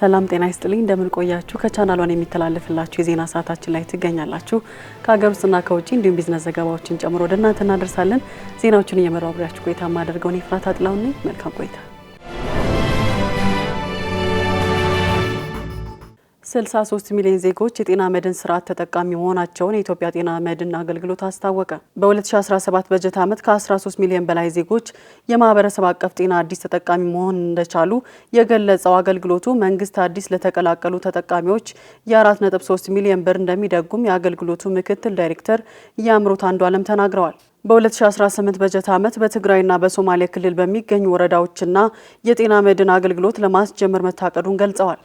ሰላም ጤና ይስጥልኝ። እንደምን ቆያችሁ? ከቻናሏን የሚተላለፍላችሁ የዜና ሰዓታችን ላይ ትገኛላችሁ። ከሀገር ውስጥና ከውጭ እንዲሁም ቢዝነስ ዘገባዎችን ጨምሮ ወደ እናንተ እናደርሳለን። ዜናዎችን እየመራው አብሬያችሁ ቆይታ ማደርገውን የፍራት አጥላውን። መልካም ቆይታ 63 ሚሊዮን ዜጎች የጤና መድን ስርዓት ተጠቃሚ መሆናቸውን የኢትዮጵያ ጤና መድን አገልግሎት አስታወቀ። በ2017 በጀት ዓመት ከ13 ሚሊዮን በላይ ዜጎች የማህበረሰብ አቀፍ ጤና አዲስ ተጠቃሚ መሆን እንደቻሉ የገለጸው አገልግሎቱ መንግስት አዲስ ለተቀላቀሉ ተጠቃሚዎች የ4.3 ሚሊዮን ብር እንደሚደጉም የአገልግሎቱ ምክትል ዳይሬክተር የአምሮት አንዱ አለም ተናግረዋል። በ2018 በጀት ዓመት በትግራይና በሶማሌ ክልል በሚገኙ ወረዳዎችና የጤና መድን አገልግሎት ለማስጀመር መታቀዱን ገልጸዋል።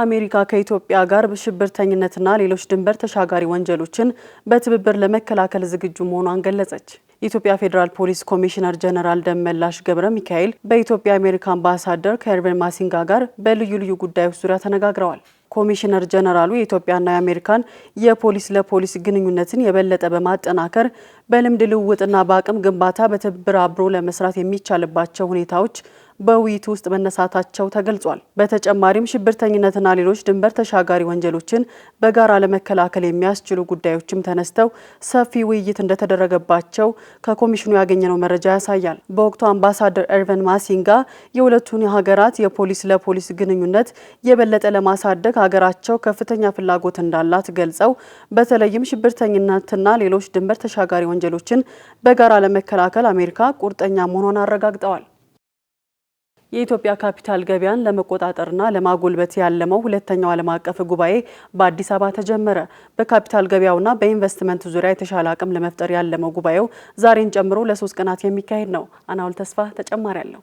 አሜሪካ ከኢትዮጵያ ጋር በሽብርተኝነትና ሌሎች ድንበር ተሻጋሪ ወንጀሎችን በትብብር ለመከላከል ዝግጁ መሆኗን ገለጸች። የኢትዮጵያ ፌዴራል ፖሊስ ኮሚሽነር ጀነራል ደመላሽ ገብረ ሚካኤል በኢትዮጵያ አሜሪካ አምባሳደር ከኤርቨን ማሲንጋ ጋር በልዩ ልዩ ጉዳዮች ዙሪያ ተነጋግረዋል። ኮሚሽነር ጀነራሉ የኢትዮጵያና የአሜሪካን የፖሊስ ለፖሊስ ግንኙነትን የበለጠ በማጠናከር በልምድ ልውውጥና በአቅም ግንባታ በትብብር አብሮ ለመስራት የሚቻልባቸው ሁኔታዎች በውይይቱ ውስጥ መነሳታቸው ተገልጿል። በተጨማሪም ሽብርተኝነትና ሌሎች ድንበር ተሻጋሪ ወንጀሎችን በጋራ ለመከላከል የሚያስችሉ ጉዳዮችም ተነስተው ሰፊ ውይይት እንደተደረገባቸው ከኮሚሽኑ ያገኘነው መረጃ ያሳያል። በወቅቱ አምባሳደር ኤርቨን ማሲንጋ የሁለቱን ሀገራት የፖሊስ ለፖሊስ ግንኙነት የበለጠ ለማሳደግ ሀገራቸው ከፍተኛ ፍላጎት እንዳላት ገልጸው በተለይም ሽብርተኝነትና ሌሎች ድንበር ተሻጋሪ ወንጀሎችን በጋራ ለመከላከል አሜሪካ ቁርጠኛ መሆኗን አረጋግጠዋል። የኢትዮጵያ ካፒታል ገበያን ለመቆጣጠርና ለማጎልበት ያለመው ሁለተኛው ዓለም አቀፍ ጉባኤ በአዲስ አበባ ተጀመረ። በካፒታል ገበያውና በኢንቨስትመንት ዙሪያ የተሻለ አቅም ለመፍጠር ያለመው ጉባኤው ዛሬን ጨምሮ ለሶስት ቀናት የሚካሄድ ነው። አናውል ተስፋ ተጨማሪ አለው።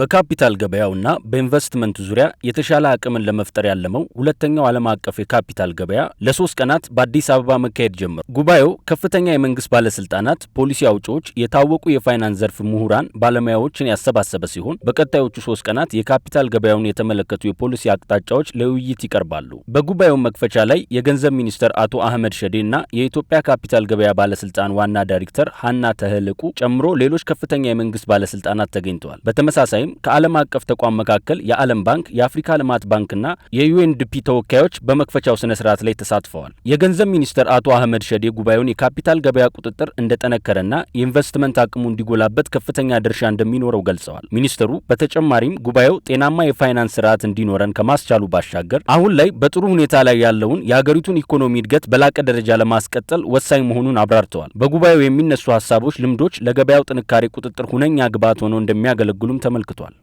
በካፒታል ገበያውና በኢንቨስትመንቱ ዙሪያ የተሻለ አቅምን ለመፍጠር ያለመው ሁለተኛው ዓለም አቀፍ የካፒታል ገበያ ለሶስት ቀናት በአዲስ አበባ መካሄድ ጀመረ። ጉባኤው ከፍተኛ የመንግስት ባለስልጣናት፣ ፖሊሲ አውጪዎች፣ የታወቁ የፋይናንስ ዘርፍ ምሁራን፣ ባለሙያዎችን ያሰባሰበ ሲሆን በቀጣዮቹ ሶስት ቀናት የካፒታል ገበያውን የተመለከቱ የፖሊሲ አቅጣጫዎች ለውይይት ይቀርባሉ። በጉባኤው መክፈቻ ላይ የገንዘብ ሚኒስትር አቶ አህመድ ሸዴ እና የኢትዮጵያ ካፒታል ገበያ ባለስልጣን ዋና ዳይሬክተር ሀና ተህልቁ ጨምሮ ሌሎች ከፍተኛ የመንግስት ባለስልጣናት ተገኝተዋል። በተመሳሳይ በተጨማሪም ከዓለም አቀፍ ተቋም መካከል የዓለም ባንክ፣ የአፍሪካ ልማት ባንክና የዩኤንዲፒ ተወካዮች በመክፈቻው ስነ ስርዓት ላይ ተሳትፈዋል። የገንዘብ ሚኒስትር አቶ አህመድ ሸዴ ጉባኤውን የካፒታል ገበያ ቁጥጥር እንደጠነከረና የኢንቨስትመንት አቅሙ እንዲጎላበት ከፍተኛ ድርሻ እንደሚኖረው ገልጸዋል። ሚኒስትሩ በተጨማሪም ጉባኤው ጤናማ የፋይናንስ ስርዓት እንዲኖረን ከማስቻሉ ባሻገር አሁን ላይ በጥሩ ሁኔታ ላይ ያለውን የአገሪቱን ኢኮኖሚ እድገት በላቀ ደረጃ ለማስቀጠል ወሳኝ መሆኑን አብራርተዋል። በጉባኤው የሚነሱ ሀሳቦች፣ ልምዶች ለገበያው ጥንካሬ ቁጥጥር ሁነኛ ግብዓት ሆነው እንደሚያገለግሉም ተመልክተዋል። አመልክቷል።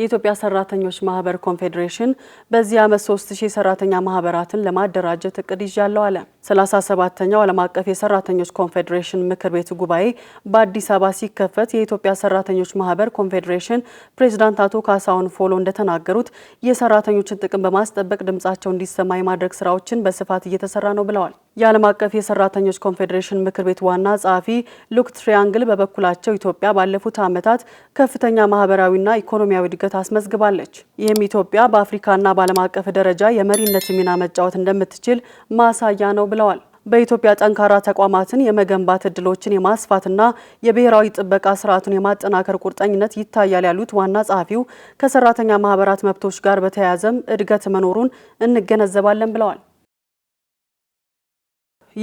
የኢትዮጵያ ሰራተኞች ማህበር ኮንፌዴሬሽን በዚህ ዓመት 3000 ሰራተኛ ማህበራትን ለማደራጀት እቅድ ይዣለሁ አለ። 37ኛው ዓለም አቀፍ የሰራተኞች ኮንፌዴሬሽን ምክር ቤት ጉባኤ በአዲስ አበባ ሲከፈት የኢትዮጵያ ሰራተኞች ማህበር ኮንፌዴሬሽን ፕሬዚዳንት አቶ ካሳሁን ፎሎ እንደተናገሩት የሰራተኞችን ጥቅም በማስጠበቅ ድምጻቸው እንዲሰማ የማድረግ ስራዎችን በስፋት እየተሰራ ነው ብለዋል። የዓለም አቀፍ የሰራተኞች ኮንፌዴሬሽን ምክር ቤት ዋና ጸሐፊ ሉክ ትሪያንግል በበኩላቸው ኢትዮጵያ ባለፉት ዓመታት ከፍተኛ ማህበራዊና ኢኮኖሚያዊ እድገት አስመዝግባለች። ይህም ኢትዮጵያ በአፍሪካና በዓለም አቀፍ ደረጃ የመሪነት ሚና መጫወት እንደምትችል ማሳያ ነው ብለዋል። በኢትዮጵያ ጠንካራ ተቋማትን የመገንባት እድሎችን የማስፋትና የብሔራዊ ጥበቃ ስርዓቱን የማጠናከር ቁርጠኝነት ይታያል ያሉት ዋና ጸሐፊው ከሰራተኛ ማህበራት መብቶች ጋር በተያያዘም እድገት መኖሩን እንገነዘባለን ብለዋል።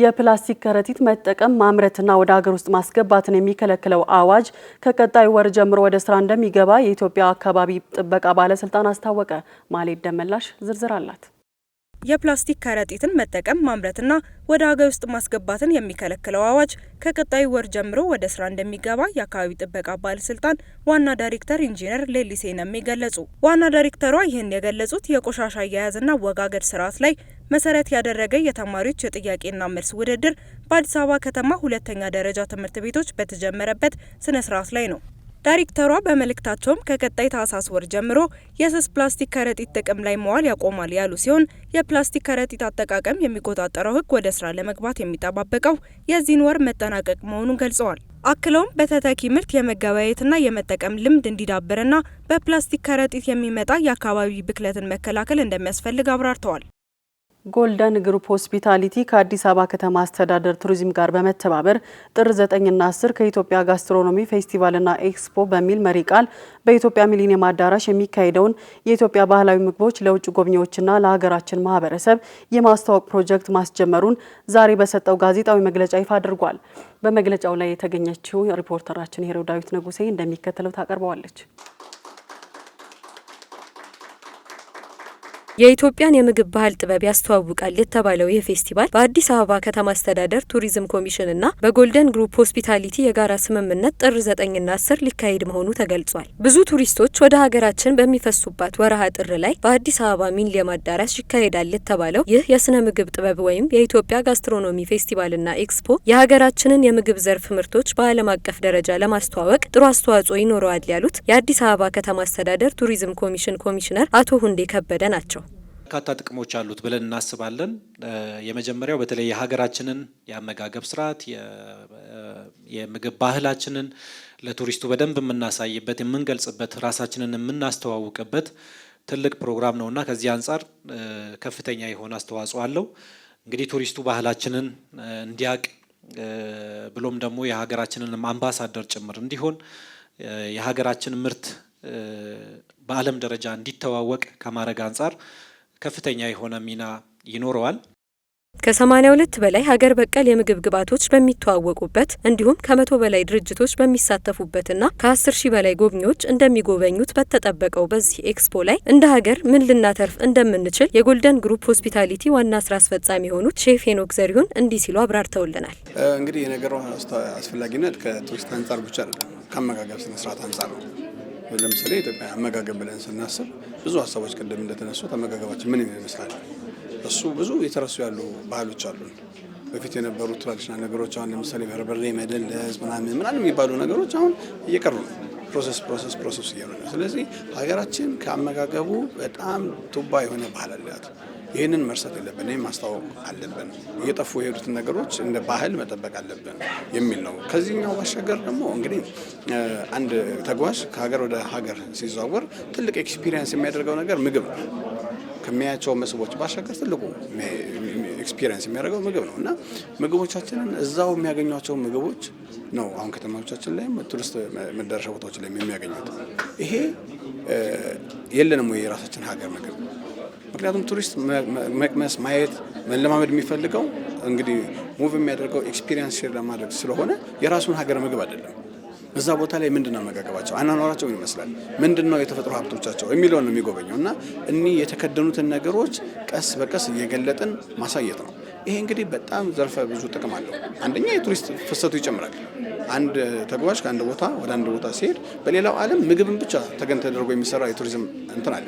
የፕላስቲክ ከረጢት መጠቀም ማምረትና ወደ ሀገር ውስጥ ማስገባትን የሚከለክለው አዋጅ ከቀጣይ ወር ጀምሮ ወደ ስራ እንደሚገባ የኢትዮጵያ አካባቢ ጥበቃ ባለስልጣን አስታወቀ። ማሌት ደመላሽ ዝርዝር አላት። የፕላስቲክ ከረጢትን መጠቀም ማምረትና ወደ ሀገር ውስጥ ማስገባትን የሚከለክለው አዋጅ ከቀጣይ ወር ጀምሮ ወደ ስራ እንደሚገባ የአካባቢ ጥበቃ ባለስልጣን ዋና ዳይሬክተር ኢንጂነር ሌሊሴ ነሜ ገለጹ። ዋና ዳይሬክተሯ ይህን የገለጹት የቆሻሻ አያያዝና አወጋገድ ስርዓት ላይ መሰረት ያደረገ የተማሪዎች የጥያቄና መልስ ውድድር በአዲስ አበባ ከተማ ሁለተኛ ደረጃ ትምህርት ቤቶች በተጀመረበት ስነ ስርዓት ላይ ነው። ዳይሬክተሯ በመልእክታቸውም ከቀጣይ ታህሳስ ወር ጀምሮ የስስ ፕላስቲክ ከረጢት ጥቅም ላይ መዋል ያቆማል ያሉ ሲሆን የፕላስቲክ ከረጢት አጠቃቀም የሚቆጣጠረው ሕግ ወደ ስራ ለመግባት የሚጠባበቀው የዚህን ወር መጠናቀቅ መሆኑን ገልጸዋል። አክለውም በተተኪ ምርት የመገበያየትና የመጠቀም ልምድ እንዲዳብርና በፕላስቲክ ከረጢት የሚመጣ የአካባቢ ብክለትን መከላከል እንደሚያስፈልግ አብራርተዋል። ጎልደን ግሩፕ ሆስፒታሊቲ ከአዲስ አበባ ከተማ አስተዳደር ቱሪዝም ጋር በመተባበር ጥር 9ና 10 ከኢትዮጵያ ጋስትሮኖሚ ፌስቲቫልና ኤክስፖ በሚል መሪ ቃል በኢትዮጵያ ሚሊኒየም አዳራሽ የሚካሄደውን የኢትዮጵያ ባህላዊ ምግቦች ለውጭ ጎብኚዎችና ለሀገራችን ማህበረሰብ የማስተዋወቅ ፕሮጀክት ማስጀመሩን ዛሬ በሰጠው ጋዜጣዊ መግለጫ ይፋ አድርጓል። በመግለጫው ላይ የተገኘችው ሪፖርተራችን ሄሮ ዳዊት ንጉሴ እንደሚከተለው ታቀርበዋለች። የኢትዮጵያን የምግብ ባህል ጥበብ ያስተዋውቃል የተባለው ይህ ፌስቲቫል በአዲስ አበባ ከተማ አስተዳደር ቱሪዝም ኮሚሽን እና በጎልደን ግሩፕ ሆስፒታሊቲ የጋራ ስምምነት ጥር ዘጠኝና አስር ሊካሄድ መሆኑ ተገልጿል። ብዙ ቱሪስቶች ወደ ሀገራችን በሚፈሱባት ወረሃ ጥር ላይ በአዲስ አበባ ሚሊኒየም አዳራሽ ይካሄዳል የተባለው ይህ የስነ ምግብ ጥበብ ወይም የኢትዮጵያ ጋስትሮኖሚ ፌስቲቫልና ኤክስፖ የሀገራችንን የምግብ ዘርፍ ምርቶች በዓለም አቀፍ ደረጃ ለማስተዋወቅ ጥሩ አስተዋጽኦ ይኖረዋል ያሉት የአዲስ አበባ ከተማ አስተዳደር ቱሪዝም ኮሚሽን ኮሚሽነር አቶ ሁንዴ ከበደ ናቸው። በርካታ ጥቅሞች አሉት ብለን እናስባለን። የመጀመሪያው በተለይ የሀገራችንን የአመጋገብ ስርዓት የምግብ ባህላችንን ለቱሪስቱ በደንብ የምናሳይበት የምንገልጽበት፣ ራሳችንን የምናስተዋውቅበት ትልቅ ፕሮግራም ነውና ከዚህ አንጻር ከፍተኛ የሆነ አስተዋጽኦ አለው። እንግዲህ ቱሪስቱ ባህላችንን እንዲያቅ ብሎም ደግሞ የሀገራችንን አምባሳደር ጭምር እንዲሆን የሀገራችን ምርት በዓለም ደረጃ እንዲተዋወቅ ከማድረግ አንጻር ከፍተኛ የሆነ ሚና ይኖረዋል። ከ82 በላይ ሀገር በቀል የምግብ ግብዓቶች በሚተዋወቁበት እንዲሁም ከመቶ በላይ ድርጅቶች በሚሳተፉበትና ከ10 ሺህ በላይ ጎብኚዎች እንደሚጎበኙት በተጠበቀው በዚህ ኤክስፖ ላይ እንደ ሀገር ምን ልናተርፍ እንደምንችል የጎልደን ግሩፕ ሆስፒታሊቲ ዋና ስራ አስፈጻሚ የሆኑት ሼፍ ሄኖክ ዘሪሁን እንዲህ ሲሉ አብራርተውልናል። እንግዲህ የነገሩ አስፈላጊነት ከቱሪስት አንጻር ብቻ አይደለም፣ ከአመጋገብ ስነስርዓት አንጻር ነው። ለምሳሌ የኢትዮጵያ አመጋገብ ብለን ስናስብ ብዙ ሀሳቦች ቅድም እንደተነሱት አመጋገባችን ምን ይመስላል? እሱ ብዙ የተረሱ ያሉ ባህሎች አሉን። በፊት የነበሩ ትራዲሽናል ነገሮች አሁን ለምሳሌ በርበሬ መደለዝ ምናምን ምናምን የሚባሉ ነገሮች አሁን እየቀሩ ነው። ፕሮሰስ ፕሮሰስ ፕሮሰስ እየሆነ ነው። ስለዚህ ሀገራችን ከአመጋገቡ በጣም ቱባ የሆነ ባህል አላት። ይህንን መርሳት የለብን፣ ይህም ማስታወቅ አለብን። እየጠፉ የሄዱትን ነገሮች እንደ ባህል መጠበቅ አለብን የሚል ነው። ከዚህኛው ባሻገር ደግሞ እንግዲህ አንድ ተጓዥ ከሀገር ወደ ሀገር ሲዘዋወር ትልቅ ኤክስፒሪየንስ የሚያደርገው ነገር ምግብ ነው። ከሚያያቸው መስህቦች ባሻገር ትልቁ ኤክስፒሪየንስ የሚያደርገው ምግብ ነው እና ምግቦቻችንን እዛው የሚያገኟቸው ምግቦች ነው። አሁን ከተማዎቻችን ላይም ቱሪስት መዳረሻ ቦታዎች ላይ የሚያገኙት ይሄ የለንም ወይ የራሳችን ሀገር ምግብ ምክንያቱም ቱሪስት መቅመስ፣ ማየት፣ መለማመድ የሚፈልገው እንግዲህ ሙቭ የሚያደርገው ኤክስፒሪየንስ ሼር ለማድረግ ስለሆነ የራሱን ሀገር ምግብ አይደለም። እዛ ቦታ ላይ ምንድን ነው አመጋገባቸው፣ አኗኗራቸው ይመስላል፣ ምንድን ነው የተፈጥሮ ሀብቶቻቸው የሚለውን ነው የሚጎበኘው እና እኒህ የተከደኑትን ነገሮች ቀስ በቀስ እየገለጥን ማሳየት ነው። ይሄ እንግዲህ በጣም ዘርፈ ብዙ ጥቅም አለው። አንደኛ የቱሪስት ፍሰቱ ይጨምራል። አንድ ተጓዥ ከአንድ ቦታ ወደ አንድ ቦታ ሲሄድ በሌላው ዓለም ምግብን ብቻ ተገን ተደርጎ የሚሰራ የቱሪዝም እንትን አለ።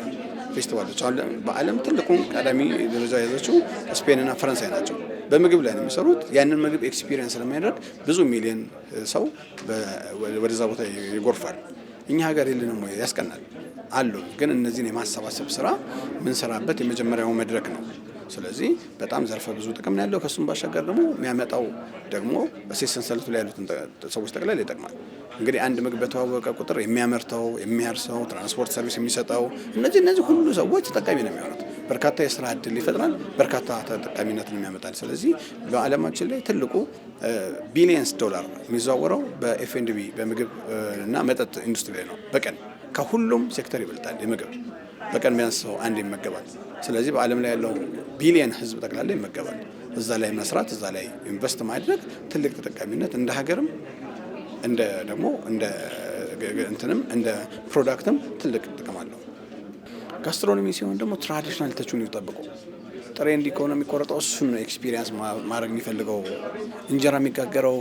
ፌስቲቫሎች በዓለም ትልቁን ቀዳሚ ደረጃ የያዘችው ስፔንና ፈረንሳይ ናቸው። በምግብ ላይ ነው የሚሰሩት። ያንን ምግብ ኤክስፒሪየንስ ለማድረግ ብዙ ሚሊዮን ሰው ወደዛ ቦታ ይጎርፋል። እኛ ሀገር የለንም ወይ? ያስቀናል አሉ። ግን እነዚህን የማሰባሰብ ስራ ምንሰራበት የመጀመሪያው መድረክ ነው። ስለዚህ በጣም ዘርፈ ብዙ ጥቅም ነው ያለው። ከሱም ባሻገር ደግሞ የሚያመጣው ደግሞ እሴት ሰንሰለቱ ላይ ያሉትን ሰዎች ጠቅላላ ይጠቅማል። እንግዲህ አንድ ምግብ በተዋወቀ ቁጥር የሚያመርተው፣ የሚያርሰው፣ ትራንስፖርት ሰርቪስ የሚሰጠው እነዚህ እነዚህ ሁሉ ሰዎች ተጠቃሚ ነው የሚሆኑት። በርካታ የስራ እድል ይፈጥራል። በርካታ ተጠቃሚነትን የሚያመጣል። ስለዚህ በዓለማችን ላይ ትልቁ ቢሊየንስ ዶላር የሚዘዋወረው በኤፍኤንድቢ በምግብ እና መጠጥ ኢንዱስትሪ ላይ ነው በቀን ከሁሉም ሴክተር ይበልጣል የምግብ በቀን ቢያንስ ሰው አንድ ይመገባል። ስለዚህ በዓለም ላይ ያለው ቢሊየን ህዝብ ጠቅላላ ይመገባል። እዛ ላይ መስራት፣ እዛ ላይ ኢንቨስት ማድረግ ትልቅ ተጠቃሚነት እንደ ሀገርም እንደ ደግሞ እንደ እንትንም እንደ ፕሮዳክትም ትልቅ ጥቅም አለው። ጋስትሮኖሚ ሲሆን ደግሞ ትራዲሽናል ተቹን ይጠብቁ ጥሬ ከሆነ የሚቆረጠው እሱን ነው ኤክስፒሪየንስ ማድረግ የሚፈልገው። እንጀራ የሚጋገረው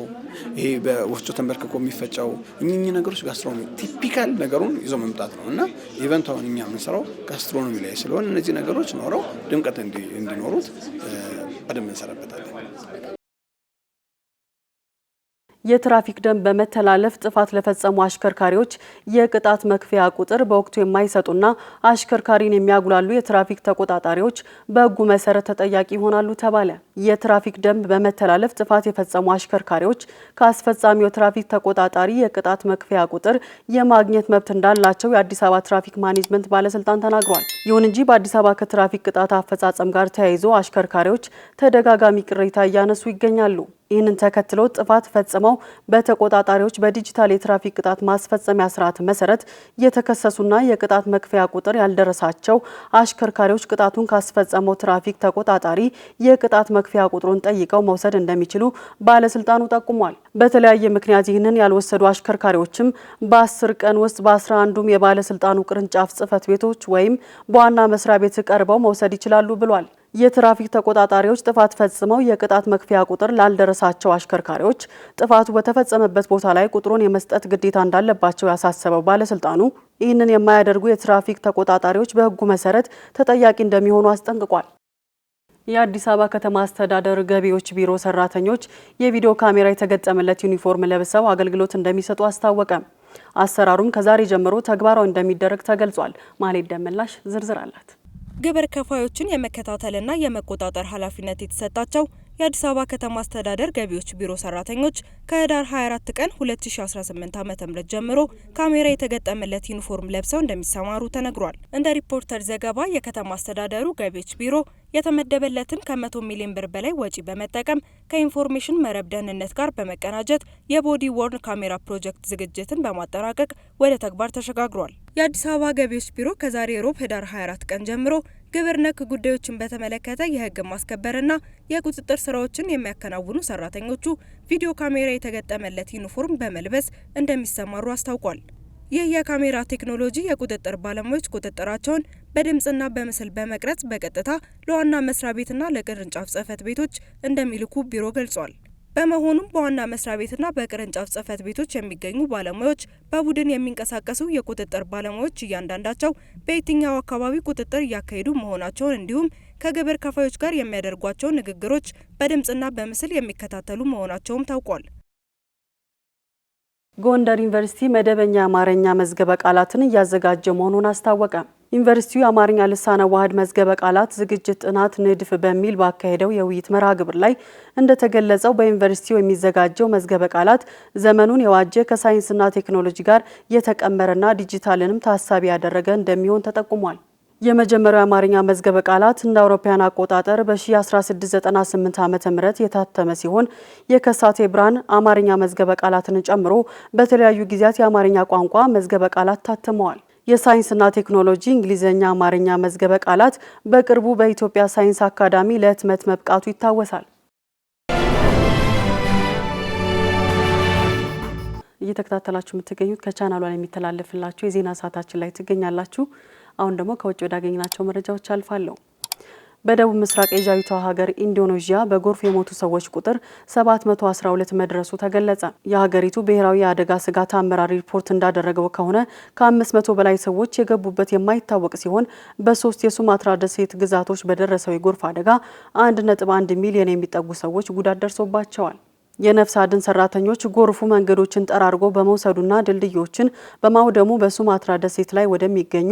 ይሄ በወፍጮ ተንበርክኮ የሚፈጨው እኚህ ነገሮች ጋስትሮኖሚ ቲፒካል ነገሩን ይዞ መምጣት ነው እና ኢቨንት አሁን እኛ የምንሰራው ጋስትሮኖሚ ላይ ስለሆን እነዚህ ነገሮች ኖረው ድምቀት እንዲኖሩት በደንብ እንሰራበታለን። የትራፊክ ደንብ በመተላለፍ ጥፋት ለፈጸሙ አሽከርካሪዎች የቅጣት መክፈያ ቁጥር በወቅቱ የማይሰጡና አሽከርካሪን የሚያጉላሉ የትራፊክ ተቆጣጣሪዎች በሕጉ መሰረት ተጠያቂ ይሆናሉ ተባለ። የትራፊክ ደንብ በመተላለፍ ጥፋት የፈጸሙ አሽከርካሪዎች ከአስፈጻሚው ትራፊክ ተቆጣጣሪ የቅጣት መክፈያ ቁጥር የማግኘት መብት እንዳላቸው የአዲስ አበባ ትራፊክ ማኔጅመንት ባለስልጣን ተናግሯል። ይሁን እንጂ በአዲስ አበባ ከትራፊክ ቅጣት አፈጻጸም ጋር ተያይዞ አሽከርካሪዎች ተደጋጋሚ ቅሬታ እያነሱ ይገኛሉ። ይህንን ተከትሎ ጥፋት ፈጽመው በተቆጣጣሪዎች በዲጂታል የትራፊክ ቅጣት ማስፈጸሚያ ስርዓት መሰረት የተከሰሱና የቅጣት መክፈያ ቁጥር ያልደረሳቸው አሽከርካሪዎች ቅጣቱን ካስፈጸመው ትራፊክ ተቆጣጣሪ የቅጣት መክፈያ ቁጥሩን ጠይቀው መውሰድ እንደሚችሉ ባለስልጣኑ ጠቁሟል። በተለያየ ምክንያት ይህንን ያልወሰዱ አሽከርካሪዎችም በአስር ቀን ውስጥ በአስራ አንዱም የባለስልጣኑ ቅርንጫፍ ጽህፈት ቤቶች ወይም በዋና መስሪያ ቤት ቀርበው መውሰድ ይችላሉ ብሏል። የትራፊክ ተቆጣጣሪዎች ጥፋት ፈጽመው የቅጣት መክፈያ ቁጥር ላልደረሳቸው አሽከርካሪዎች ጥፋቱ በተፈጸመበት ቦታ ላይ ቁጥሩን የመስጠት ግዴታ እንዳለባቸው ያሳሰበው ባለስልጣኑ ይህንን የማያደርጉ የትራፊክ ተቆጣጣሪዎች በሕጉ መሰረት ተጠያቂ እንደሚሆኑ አስጠንቅቋል። የአዲስ አበባ ከተማ አስተዳደር ገቢዎች ቢሮ ሰራተኞች የቪዲዮ ካሜራ የተገጠመለት ዩኒፎርም ለብሰው አገልግሎት እንደሚሰጡ አስታወቀም። አሰራሩም ከዛሬ ጀምሮ ተግባራዊ እንደሚደረግ ተገልጿል። ማሌት ደመላሽ ዝርዝር አላት። ግብር ከፋዮችን የመከታተልና የመቆጣጠር ኃላፊነት የተሰጣቸው የአዲስ አበባ ከተማ አስተዳደር ገቢዎች ቢሮ ሰራተኞች ከህዳር 24 ቀን 2018 ዓ.ም ጀምሮ ካሜራ የተገጠመለት ዩኒፎርም ለብሰው እንደሚሰማሩ ተነግሯል። እንደ ሪፖርተር ዘገባ የከተማ አስተዳደሩ ገቢዎች ቢሮ የተመደበለትን ከ100 ሚሊዮን ብር በላይ ወጪ በመጠቀም ከኢንፎርሜሽን መረብ ደህንነት ጋር በመቀናጀት የቦዲ ወርን ካሜራ ፕሮጀክት ዝግጅትን በማጠናቀቅ ወደ ተግባር ተሸጋግሯል። የአዲስ አበባ ገቢዎች ቢሮ ከዛሬ ሮብ ህዳር 24 ቀን ጀምሮ ግብር ነክ ጉዳዮችን በተመለከተ የህግ ማስከበርና የቁጥጥር ስራዎችን የሚያከናውኑ ሰራተኞቹ ቪዲዮ ካሜራ የተገጠመለት ዩኒፎርም በመልበስ እንደሚሰማሩ አስታውቋል። ይህ የካሜራ ቴክኖሎጂ የቁጥጥር ባለሙያዎች ቁጥጥራቸውን በድምፅና በምስል በመቅረጽ በቀጥታ ለዋና መስሪያ ቤትና ለቅርንጫፍ ጽህፈት ቤቶች እንደሚልኩ ቢሮ ገልጿል። በመሆኑም በዋና መስሪያ ቤትና በቅርንጫፍ ጽህፈት ቤቶች የሚገኙ ባለሙያዎች፣ በቡድን የሚንቀሳቀሱ የቁጥጥር ባለሙያዎች እያንዳንዳቸው በየትኛው አካባቢ ቁጥጥር እያካሄዱ መሆናቸውን እንዲሁም ከግብር ከፋዮች ጋር የሚያደርጓቸው ንግግሮች በድምፅና በምስል የሚከታተሉ መሆናቸውም ታውቋል። ጎንደር ዩኒቨርሲቲ መደበኛ የአማርኛ መዝገበ ቃላትን እያዘጋጀ መሆኑን አስታወቀ። ዩኒቨርሲቲው የአማርኛ ልሳነ ዋህድ መዝገበ ቃላት ዝግጅት ጥናት ንድፍ በሚል ባካሄደው የውይይት መርሃ ግብር ላይ እንደተገለጸው በዩኒቨርሲቲው የሚዘጋጀው መዝገበ ቃላት ዘመኑን የዋጀ ከሳይንስና ቴክኖሎጂ ጋር የተቀመረና ዲጂታልንም ታሳቢ ያደረገ እንደሚሆን ተጠቁሟል። የመጀመሪያው የአማርኛ መዝገበ ቃላት እንደ አውሮፓውያን አቆጣጠር በ1698 ዓ ም የታተመ ሲሆን የከሳቴ ብርሃን አማርኛ መዝገበ ቃላትን ጨምሮ በተለያዩ ጊዜያት የአማርኛ ቋንቋ መዝገበ ቃላት ታትመዋል። የሳይንስና ቴክኖሎጂ እንግሊዝኛ፣ አማርኛ መዝገበ ቃላት በቅርቡ በኢትዮጵያ ሳይንስ አካዳሚ ለህትመት መብቃቱ ይታወሳል። እየተከታተላችሁ የምትገኙት ከቻናሉ ላይ የሚተላለፍላችሁ የዜና ሰዓታችን ላይ ትገኛላችሁ። አሁን ደግሞ ከውጭ ወዳገኝናቸው መረጃዎች አልፋለሁ። በደቡብ ምስራቅ ኤዥያዊቷ ሀገር ኢንዶኔዥያ በጎርፍ የሞቱ ሰዎች ቁጥር 712 መድረሱ ተገለጸ። የሀገሪቱ ብሔራዊ የአደጋ ስጋት አመራር ሪፖርት እንዳደረገው ከሆነ ከ500 በላይ ሰዎች የገቡበት የማይታወቅ ሲሆን በሶስት የሱማትራ ደሴት ግዛቶች በደረሰው የጎርፍ አደጋ 1.1 ሚሊዮን የሚጠጉ ሰዎች ጉዳት ደርሶባቸዋል። የነፍስ አድን ሰራተኞች ጎርፉ መንገዶችን ጠራርጎ በመውሰዱና ድልድዮችን በማውደሙ በሱማትራ ደሴት ላይ ወደሚገኙ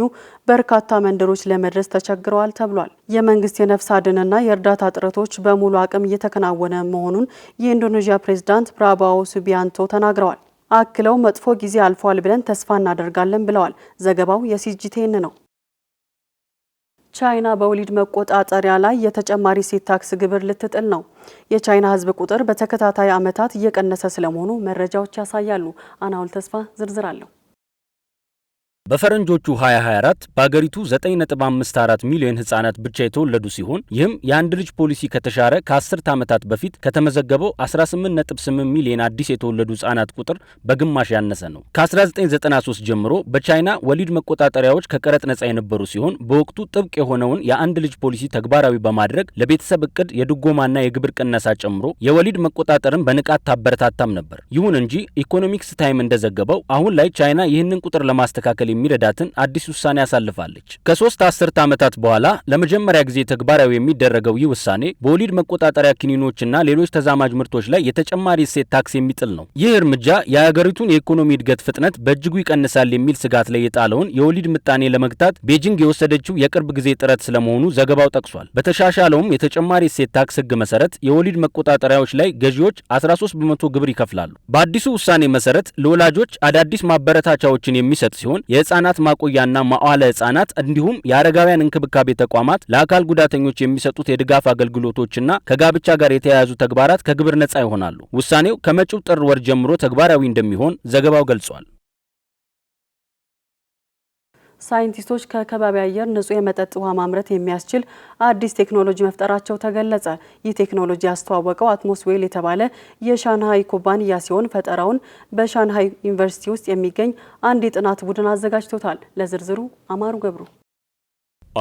በርካታ መንደሮች ለመድረስ ተቸግረዋል ተብሏል። የመንግስት የነፍስ አድንና የእርዳታ ጥረቶች በሙሉ አቅም እየተከናወነ መሆኑን የኢንዶኔዥያ ፕሬዝዳንት ፕራባዎ ሱቢያንቶ ተናግረዋል። አክለው መጥፎ ጊዜ አልፏል ብለን ተስፋ እናደርጋለን ብለዋል። ዘገባው የሲጂቴን ነው። ቻይና በወሊድ መቆጣጠሪያ ላይ የተጨማሪ እሴት ታክስ ግብር ልትጥል ነው። የቻይና ሕዝብ ቁጥር በተከታታይ ዓመታት እየቀነሰ ስለመሆኑ መረጃዎች ያሳያሉ። አናውል ተስፋ ዝርዝር አለው። በፈረንጆቹ 2024 በአገሪቱ 9.54 ሚሊዮን ህጻናት ብቻ የተወለዱ ሲሆን ይህም የአንድ ልጅ ፖሊሲ ከተሻረ ከአስርት ዓመታት በፊት ከተመዘገበው 18.8 ሚሊዮን አዲስ የተወለዱ ህጻናት ቁጥር በግማሽ ያነሰ ነው። ከ1993 ጀምሮ በቻይና ወሊድ መቆጣጠሪያዎች ከቀረጥ ነጻ የነበሩ ሲሆን በወቅቱ ጥብቅ የሆነውን የአንድ ልጅ ፖሊሲ ተግባራዊ በማድረግ ለቤተሰብ እቅድ የድጎማና የግብር ቅነሳ ጨምሮ የወሊድ መቆጣጠርን በንቃት ታበረታታም ነበር። ይሁን እንጂ ኢኮኖሚክስ ታይም እንደዘገበው አሁን ላይ ቻይና ይህንን ቁጥር ለማስተካከል የሚረዳትን አዲስ ውሳኔ አሳልፋለች። ከሶስት አስርት ዓመታት በኋላ ለመጀመሪያ ጊዜ ተግባራዊ የሚደረገው ይህ ውሳኔ በወሊድ መቆጣጠሪያ ኪኒኖችና ሌሎች ተዛማጅ ምርቶች ላይ የተጨማሪ እሴት ታክስ የሚጥል ነው። ይህ እርምጃ የሀገሪቱን የኢኮኖሚ እድገት ፍጥነት በእጅጉ ይቀንሳል የሚል ስጋት ላይ የጣለውን የወሊድ ምጣኔ ለመግታት ቤጂንግ የወሰደችው የቅርብ ጊዜ ጥረት ስለመሆኑ ዘገባው ጠቅሷል። በተሻሻለውም የተጨማሪ እሴት ታክስ ህግ መሰረት የወሊድ መቆጣጠሪያዎች ላይ ገዢዎች 13 በመቶ ግብር ይከፍላሉ። በአዲሱ ውሳኔ መሰረት ለወላጆች አዳዲስ ማበረታቻዎችን የሚሰጥ ሲሆን የ የህፃናት ማቆያና ማዋለ ህጻናት እንዲሁም የአረጋውያን እንክብካቤ ተቋማት ለአካል ጉዳተኞች የሚሰጡት የድጋፍ አገልግሎቶችና ከጋብቻ ጋር የተያያዙ ተግባራት ከግብር ነጻ ይሆናሉ። ውሳኔው ከመጪው ጥር ወር ጀምሮ ተግባራዊ እንደሚሆን ዘገባው ገልጿል። ሳይንቲስቶች ከከባቢ አየር ንጹህ የመጠጥ ውሃ ማምረት የሚያስችል አዲስ ቴክኖሎጂ መፍጠራቸው ተገለጸ። ይህ ቴክኖሎጂ ያስተዋወቀው አትሞስዌል የተባለ የሻንሃይ ኩባንያ ሲሆን ፈጠራውን በሻንሃይ ዩኒቨርሲቲ ውስጥ የሚገኝ አንድ የጥናት ቡድን አዘጋጅቶታል። ለዝርዝሩ አማሩ ገብሩ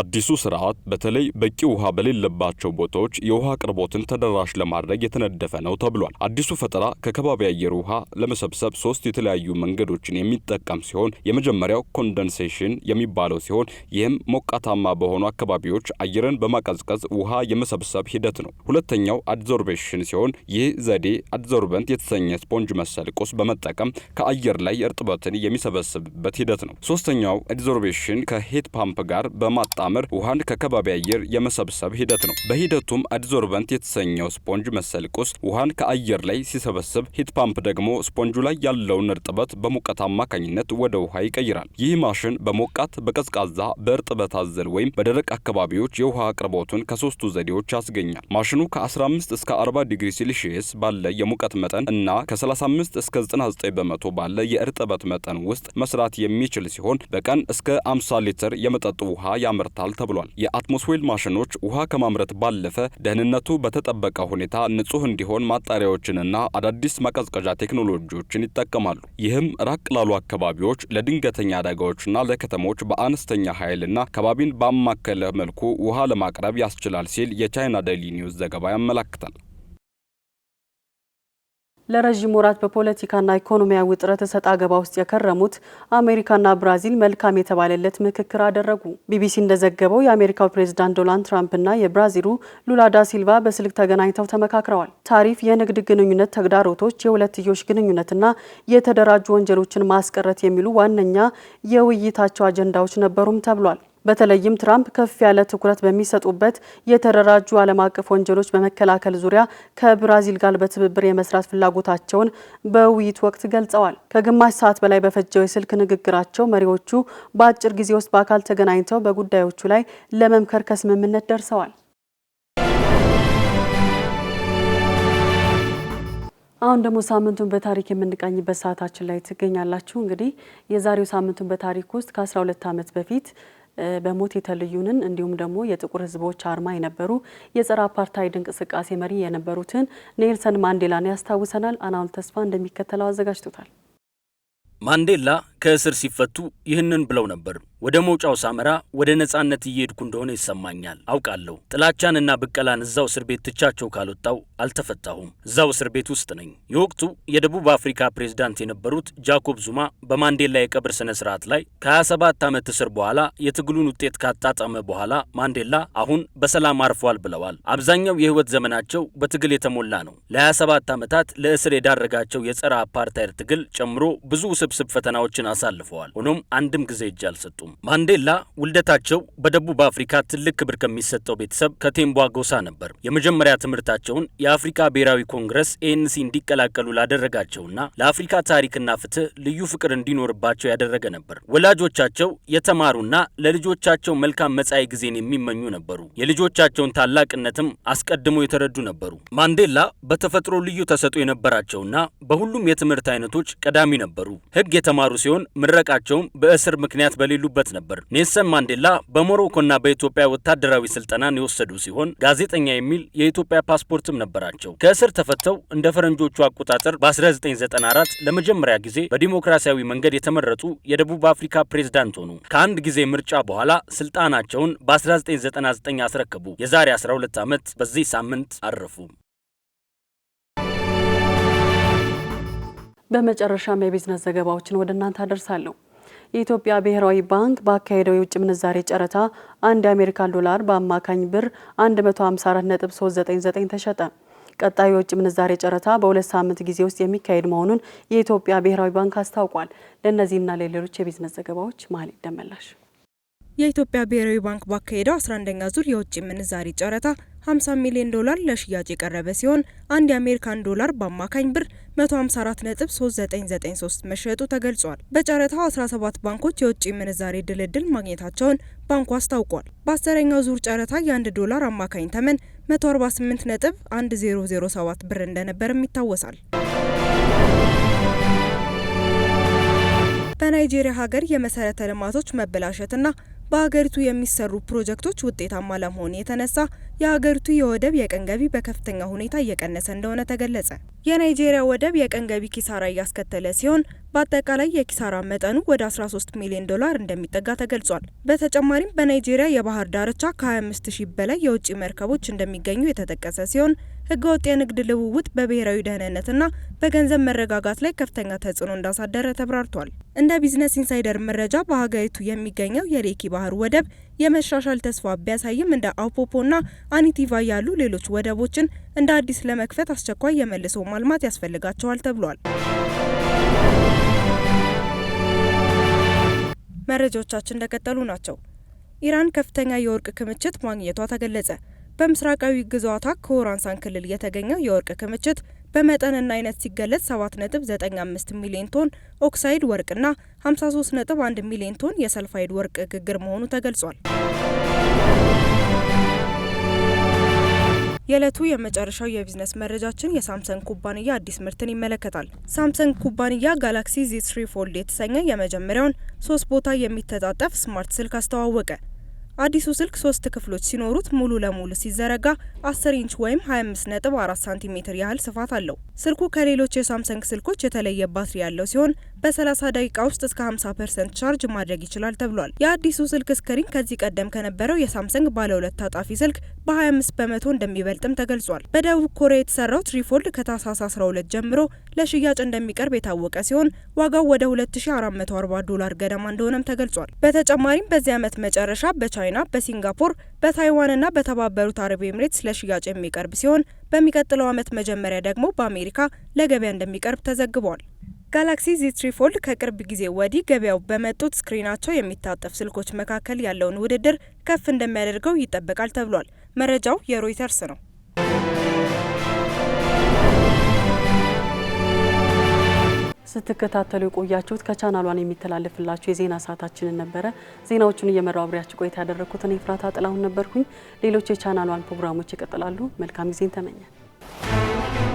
አዲሱ ስርዓት በተለይ በቂ ውሃ በሌለባቸው ቦታዎች የውሃ አቅርቦትን ተደራሽ ለማድረግ የተነደፈ ነው ተብሏል። አዲሱ ፈጠራ ከከባቢ አየር ውሃ ለመሰብሰብ ሶስት የተለያዩ መንገዶችን የሚጠቀም ሲሆን የመጀመሪያው ኮንደንሴሽን የሚባለው ሲሆን ይህም ሞቃታማ በሆኑ አካባቢዎች አየርን በማቀዝቀዝ ውሃ የመሰብሰብ ሂደት ነው። ሁለተኛው አድዞርቤሽን ሲሆን ይህ ዘዴ አድዞርበንት የተሰኘ ስፖንጅ መሰል ቁስ በመጠቀም ከአየር ላይ እርጥበትን የሚሰበስብበት ሂደት ነው። ሶስተኛው አድዞርቤሽን ከሄት ፓምፕ ጋር በማ በማጣመር ውሃን ከከባቢ አየር የመሰብሰብ ሂደት ነው። በሂደቱም አድዞርበንት የተሰኘው ስፖንጅ መሰል ቁስ ውሃን ከአየር ላይ ሲሰበስብ፣ ሂት ፓምፕ ደግሞ ስፖንጁ ላይ ያለውን እርጥበት በሙቀት አማካኝነት ወደ ውሃ ይቀይራል። ይህ ማሽን በሞቃት በቀዝቃዛ በእርጥበት አዘል ወይም በደረቅ አካባቢዎች የውሃ አቅርቦቱን ከሶስቱ ዘዴዎች ያስገኛል። ማሽኑ ከ15 እስከ 40 ዲግሪ ሴልሺየስ ባለ የሙቀት መጠን እና ከ35 እስከ 99 በመቶ ባለ የእርጥበት መጠን ውስጥ መስራት የሚችል ሲሆን በቀን እስከ 50 ሊትር የመጠጥ ውሃ ያመርታል። ያበረታል ተብሏል። የአትሞስዌል ማሽኖች ውሃ ከማምረት ባለፈ ደህንነቱ በተጠበቀ ሁኔታ ንጹህ እንዲሆን ማጣሪያዎችንና አዳዲስ ማቀዝቀዣ ቴክኖሎጂዎችን ይጠቀማሉ። ይህም ራቅ ላሉ አካባቢዎች ለድንገተኛ አደጋዎችና ለከተሞች በአነስተኛ ኃይልና ከባቢን ባማከለ መልኩ ውሃ ለማቅረብ ያስችላል ሲል የቻይና ዴይሊ ኒውስ ዘገባ ያመላክታል። ለረዥም ወራት በፖለቲካና ኢኮኖሚያዊ ውጥረት እሰጥ አገባ ውስጥ የከረሙት አሜሪካና ብራዚል መልካም የተባለለት ምክክር አደረጉ። ቢቢሲ እንደዘገበው የአሜሪካው ፕሬዝዳንት ዶናልድ ትራምፕና የብራዚሉ ሉላ ዳ ሲልቫ በስልክ ተገናኝተው ተመካክረዋል። ታሪፍ፣ የንግድ ግንኙነት ተግዳሮቶች፣ የሁለትዮሽ ግንኙነትና የተደራጁ ወንጀሎችን ማስቀረት የሚሉ ዋነኛ የውይይታቸው አጀንዳዎች ነበሩም ተብሏል። በተለይም ትራምፕ ከፍ ያለ ትኩረት በሚሰጡበት የተደራጁ ዓለም አቀፍ ወንጀሎች በመከላከል ዙሪያ ከብራዚል ጋር በትብብር የመስራት ፍላጎታቸውን በውይይት ወቅት ገልጸዋል። ከግማሽ ሰዓት በላይ በፈጀው የስልክ ንግግራቸው መሪዎቹ በአጭር ጊዜ ውስጥ በአካል ተገናኝተው በጉዳዮቹ ላይ ለመምከር ከስምምነት ደርሰዋል። አሁን ደግሞ ሳምንቱን በታሪክ የምንቃኝበት ሰዓታችን ላይ ትገኛላችሁ። እንግዲህ የዛሬው ሳምንቱን በታሪክ ውስጥ ከ12 ዓመት በፊት በሞት የተለዩንን እንዲሁም ደግሞ የጥቁር ህዝቦች አርማ የነበሩ የጸረ አፓርታይድ እንቅስቃሴ መሪ የነበሩትን ኔልሰን ማንዴላን ያስታውሰናል። አናውል ተስፋ እንደሚከተለው አዘጋጅቶታል። ማንዴላ ከእስር ሲፈቱ ይህንን ብለው ነበር። ወደ መውጫው ሳመራ ወደ ነጻነት እየሄድኩ እንደሆነ ይሰማኛል። አውቃለሁ። ጥላቻንና ብቀላን እዛው እስር ቤት ትቻቸው ካልወጣው አልተፈታሁም። እዛው እስር ቤት ውስጥ ነኝ። የወቅቱ የደቡብ አፍሪካ ፕሬዝዳንት የነበሩት ጃኮብ ዙማ በማንዴላ የቀብር ስነ ስርዓት ላይ ከ27 ዓመት እስር በኋላ የትግሉን ውጤት ካጣጠመ በኋላ ማንዴላ አሁን በሰላም አርፏል ብለዋል። አብዛኛው የህይወት ዘመናቸው በትግል የተሞላ ነው። ለ27 ዓመታት ለእስር የዳረጋቸው የጸረ አፓርታይድ ትግል ጨምሮ ብዙ ውስብስብ ፈተናዎችን ጊዜያቸውን አሳልፈዋል። ሆኖም አንድም ጊዜ እጅ አልሰጡም። ማንዴላ ውልደታቸው በደቡብ አፍሪካ ትልቅ ክብር ከሚሰጠው ቤተሰብ ከቴምቧ ጎሳ ነበር። የመጀመሪያ ትምህርታቸውን የአፍሪካ ብሔራዊ ኮንግረስ ኤንሲ እንዲቀላቀሉ ላደረጋቸውና ለአፍሪካ ታሪክና ፍትህ ልዩ ፍቅር እንዲኖርባቸው ያደረገ ነበር። ወላጆቻቸው የተማሩና ለልጆቻቸው መልካም መጻኢ ጊዜን የሚመኙ ነበሩ። የልጆቻቸውን ታላቅነትም አስቀድሞ የተረዱ ነበሩ። ማንዴላ በተፈጥሮ ልዩ ተሰጥኦ የነበራቸውና በሁሉም የትምህርት አይነቶች ቀዳሚ ነበሩ። ህግ የተማሩ ሲሆን ሲሆን ምረቃቸውም በእስር ምክንያት በሌሉበት ነበር። ኔልሰን ማንዴላ በሞሮኮና በኢትዮጵያ ወታደራዊ ስልጠናን የወሰዱ ሲሆን ጋዜጠኛ የሚል የኢትዮጵያ ፓስፖርትም ነበራቸው። ከእስር ተፈተው እንደ ፈረንጆቹ አቆጣጠር በ1994 ለመጀመሪያ ጊዜ በዲሞክራሲያዊ መንገድ የተመረጡ የደቡብ አፍሪካ ፕሬዝዳንት ሆኑ። ከአንድ ጊዜ ምርጫ በኋላ ስልጣናቸውን በ1999 አስረከቡ። የዛሬ 12 ዓመት በዚህ ሳምንት አረፉ። በመጨረሻም የቢዝነስ ዘገባዎችን ወደ እናንተ አደርሳለሁ። የኢትዮጵያ ብሔራዊ ባንክ ባካሄደው የውጭ ምንዛሬ ጨረታ አንድ የአሜሪካን ዶላር በአማካኝ ብር 154.399 ተሸጠ። ቀጣዩ የውጭ ምንዛሬ ጨረታ በሁለት ሳምንት ጊዜ ውስጥ የሚካሄድ መሆኑን የኢትዮጵያ ብሔራዊ ባንክ አስታውቋል። ለእነዚህና ለሌሎች የቢዝነስ ዘገባዎች መሀሌት ደመላሽ የኢትዮጵያ ብሔራዊ ባንክ ባካሄደው 11ኛ ዙር የውጭ ምንዛሪ ጨረታ 50 ሚሊዮን ዶላር ለሽያጭ የቀረበ ሲሆን አንድ የአሜሪካን ዶላር በአማካኝ ብር 154.3993 መሸጡ ተገልጿል። በጨረታው 17 ባንኮች የውጭ ምንዛሬ ድልድል ማግኘታቸውን ባንኩ አስታውቋል። በአስረኛው ዙር ጨረታ የአንድ ዶላር አማካኝ ተመን 148.1007 ብር እንደነበርም ይታወሳል። በናይጄሪያ ሀገር የመሰረተ ልማቶች መበላሸትና በሀገሪቱ የሚሰሩ ፕሮጀክቶች ውጤታማ ለመሆን የተነሳ የሀገሪቱ የወደብ የቀን ገቢ በከፍተኛ ሁኔታ እየቀነሰ እንደሆነ ተገለጸ። የናይጄሪያ ወደብ የቀን ገቢ ኪሳራ እያስከተለ ሲሆን በአጠቃላይ የኪሳራ መጠኑ ወደ 13 ሚሊዮን ዶላር እንደሚጠጋ ተገልጿል። በተጨማሪም በናይጄሪያ የባህር ዳርቻ ከ25 ሺህ በላይ የውጭ መርከቦች እንደሚገኙ የተጠቀሰ ሲሆን ህገወጥ የንግድ ልውውጥ በብሔራዊ ደህንነትና በገንዘብ መረጋጋት ላይ ከፍተኛ ተጽዕኖ እንዳሳደረ ተብራርቷል። እንደ ቢዝነስ ኢንሳይደር መረጃ በሀገሪቱ የሚገኘው የሌኪ ባህር ወደብ የመሻሻል ተስፋ ቢያሳይም እንደ አፖፖና አኒቲቫ ያሉ ሌሎች ወደቦችን እንደ አዲስ ለመክፈት አስቸኳይ የመልሶ ማልማት ያስፈልጋቸዋል ተብሏል። መረጃዎቻችን እንደቀጠሉ ናቸው። ኢራን ከፍተኛ የወርቅ ክምችት ማግኘቷ ተገለጸ። በምስራቃዊ ግዛቷ ከሆራንሳን ክልል የተገኘው የወርቅ ክምችት በመጠንና አይነት ሲገለጽ 7.95 ሚሊዮን ቶን ኦክሳይድ ወርቅና 53.1 ሚሊዮን ቶን የሰልፋይድ ወርቅ ግግር መሆኑ ተገልጿል። የዕለቱ የመጨረሻው የቢዝነስ መረጃችን የሳምሰንግ ኩባንያ አዲስ ምርትን ይመለከታል። ሳምሰንግ ኩባንያ ጋላክሲ ዚ3 ፎልድ የተሰኘ የመጀመሪያውን ሶስት ቦታ የሚተጣጠፍ ስማርት ስልክ አስተዋወቀ። አዲሱ ስልክ ሶስት ክፍሎች ሲኖሩት ሙሉ ለሙሉ ሲዘረጋ 10 ኢንች ወይም 25.4 ሳንቲሜትር ያህል ስፋት አለው። ስልኩ ከሌሎች የሳምሰንግ ስልኮች የተለየ ባትሪ ያለው ሲሆን በ30 ደቂቃ ውስጥ እስከ 50 ፐርሰንት ቻርጅ ማድረግ ይችላል ተብሏል። የአዲሱ ስልክ ስክሪን ከዚህ ቀደም ከነበረው የሳምሰንግ ባለ ሁለት ታጣፊ ስልክ በ25 በመቶ እንደሚበልጥም ተገልጿል። በደቡብ ኮሪያ የተሰራው ትሪፎልድ ከታህሳስ 12 ጀምሮ ለሽያጭ እንደሚቀርብ የታወቀ ሲሆን ዋጋው ወደ 2440 ዶላር ገደማ እንደሆነም ተገልጿል። በተጨማሪም በዚህ ዓመት መጨረሻ በቻ በቻይና በሲንጋፖር በታይዋንና በተባበሩት አረብ ኤምሬትስ ለሽያጭ የሚቀርብ ሲሆን በሚቀጥለው ዓመት መጀመሪያ ደግሞ በአሜሪካ ለገበያ እንደሚቀርብ ተዘግቧል። ጋላክሲ ዚ ትሪ ፎልድ ከቅርብ ጊዜ ወዲህ ገበያው በመጡት ስክሪናቸው የሚታጠፍ ስልኮች መካከል ያለውን ውድድር ከፍ እንደሚያደርገው ይጠበቃል ተብሏል። መረጃው የሮይተርስ ነው። ስትከታተሉ የቆያችሁት ከቻናሏን የሚተላለፍላችሁ የዜና ሰዓታችንን ነበረ። ዜናዎቹን እየመራው አብሬያችሁ ቆይታ እኔ ፍራታ ጥላሁን ነበርኩኝ። ሌሎች የቻናሏን ፕሮግራሞች ይቀጥላሉ። መልካም ጊዜን ተመኘን።